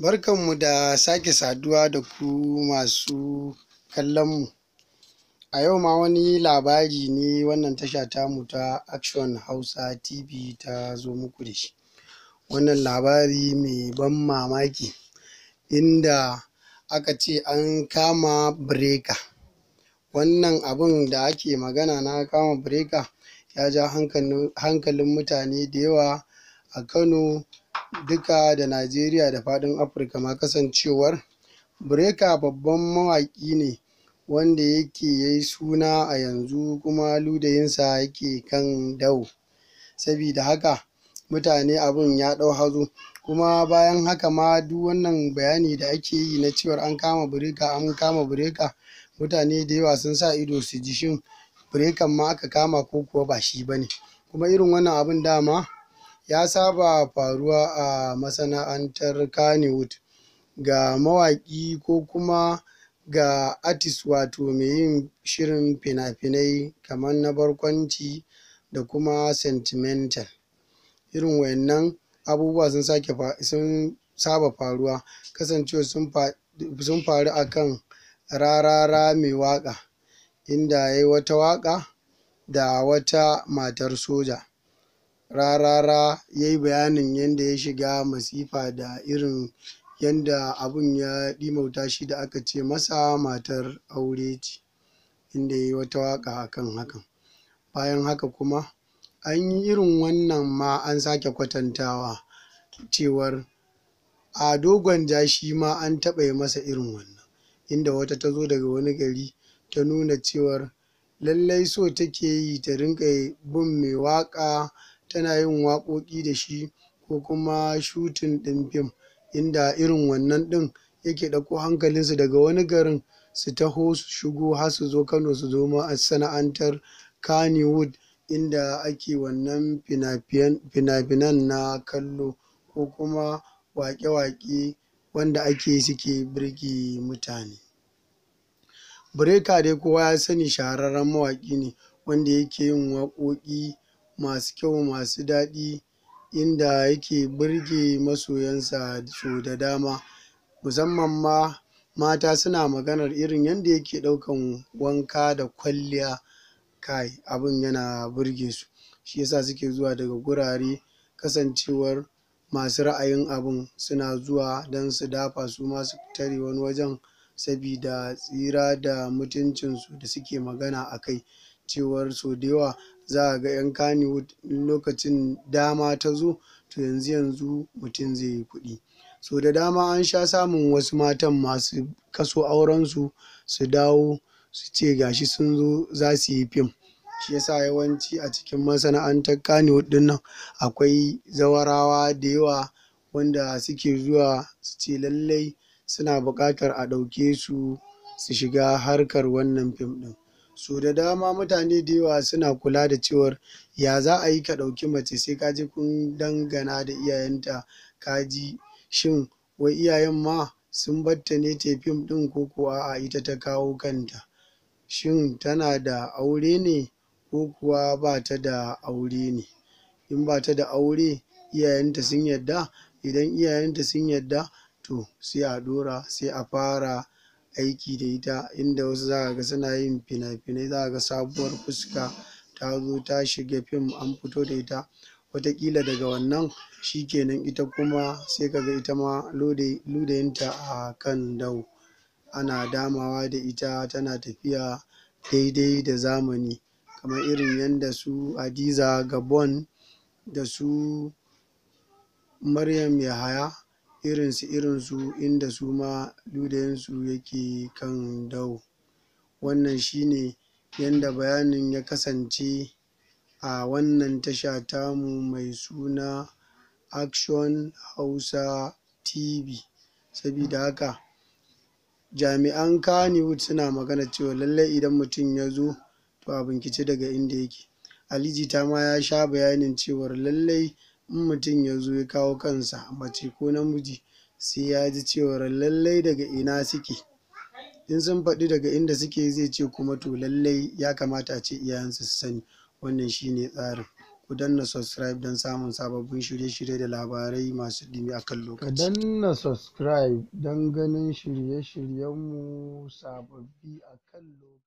Barkanmu da sake saduwa da ku masu kallonmu. A yau ma wani labari ne wannan tasha tamu ta Action Hausa TV ta zo muku da shi. Wannan labari mai ban mamaki inda aka ce an kama bireka. Wannan abin da ake magana na kama bireka ya ja hankalin mutane da yawa a Kano. duka da Najeriya da faɗin Afirka ma kasancewar Breaker babban mawaƙi ne wanda yake yi suna a yanzu kuma ludayinsa yake kan dawo, sabida haka mutane abin ya ɗau hazo, kuma bayan haka ma duk wannan bayani da ake yi na cewar an kama breka an kama breka mutane da yawa sun sa ido su ji shin Breaker ma aka kama ko kuwa ba shi ba ne, kuma irin wannan abin dama ya saba faruwa a masana'antar Kannywood ga mawaƙi ko kuma ga artist wato mai yin shirin fina-finai kamar na barkwanci da kuma sentimental. Irin wayannan abubuwa sun saba faruwa, kasancewa sun faru a kan Rarara Mai Waƙa, inda ya yi wata waƙa da wata matar soja. rarara ya yi bayanin yadda ya shiga masifa da irin yadda abun ya ɗimauta shi da aka ce masa matar aure ce inda ya yi wata waƙa kan hakan bayan haka kuma an yi irin wannan ma an sake kwatantawa cewar a dogon ja shi ma an taɓa yi masa irin wannan inda wata ta zo daga wani gari ta nuna cewar lallai so take yi ta rinƙa bin mai waƙa tana yin waƙoƙi da shi ko kuma shutin ɗin fim inda irin wannan ɗin yake ɗauko hankalinsu daga wani garin su taho su shigo har su zo kano su zo masana'antar kannywood inda ake wannan fina-finan na kallo ko kuma waƙe-waƙe wanda ake suke birge mutane breaker dai kowa ya sani shahararren mawaƙi ne wanda yake yin waƙoƙi masu kyau masu daɗi inda yake burge masoyansa sau da dama musamman ma mata suna maganar irin yadda yake ɗaukan wanka da kwalliya kai abin yana burge su shi yasa suke zuwa daga gurare kasancewar masu ra'ayin abin suna zuwa don su dafa su masu tare wani wajen sabida tsira da mutuncinsu da suke magana a kai cewar so da yawa za a ga 'yan kaniwood lokacin dama ta zo to yanzu yanzu mutum zai yi kuɗi so da dama an sha samun wasu matan masu kaso aurensu su dawo su ce gashi sun zo za su yi fim shi yasa yawanci a cikin masana'antar kaniwood ɗin nan akwai zawarawa da yawa wanda suke zuwa su ce lallai suna buƙatar a ɗauke su su shiga harkar wannan fim ɗin Su da dama mutane da yawa suna kula da cewar ya za a yi ka ɗauki mace sai ka je kun dangana da iyayenta ka ji shin wai iyayen ma sun batta ne tefin ɗin ko kuwa a ita ta kawo kanta. Shin tana da aure ne ko kuwa ba ta da aure ne? In ba ta da aure iyayenta sun yadda? Idan iyayenta sun yadda to sai a ɗora sai a fara. aiki da ita inda wasu za ka ga suna yin fina-finai za ka ga sabuwar fuska ta zo ta shiga fim an fito da ita wataƙila daga wannan shi kenan ita kuma sai ka ga ita ma ludayinta a kan dau ana damawa da ita tana tafiya daidai da zamani kamar irin yadda su Hadiza Gabon da su Maryam Yahaya irinsu su inda su ma su yake kan dau wannan shine yanda bayanin ya kasance a wannan tasha mu mai suna Action Hausa TV sabida haka jami'an Kannywood suna magana cewa lallai idan mutum ya zo to a bincike daga inda yake aliji ta ma ya sha bayanin cewar lallai in mutum ya zo ya kawo kansa mace ko namiji sai ya ji cewar lallai daga ina suke in sun faɗi daga inda suke zai ce kuma to lallai ya kamata a ce iyayensu su sani wannan shine tsarin ku danna subscribe don samun sababbin shirye-shirye da labarai masu ɗimi a kan lokaci. Ka danna subscribe don ganin shirye-shiryenmu sababbi a kan lokaci.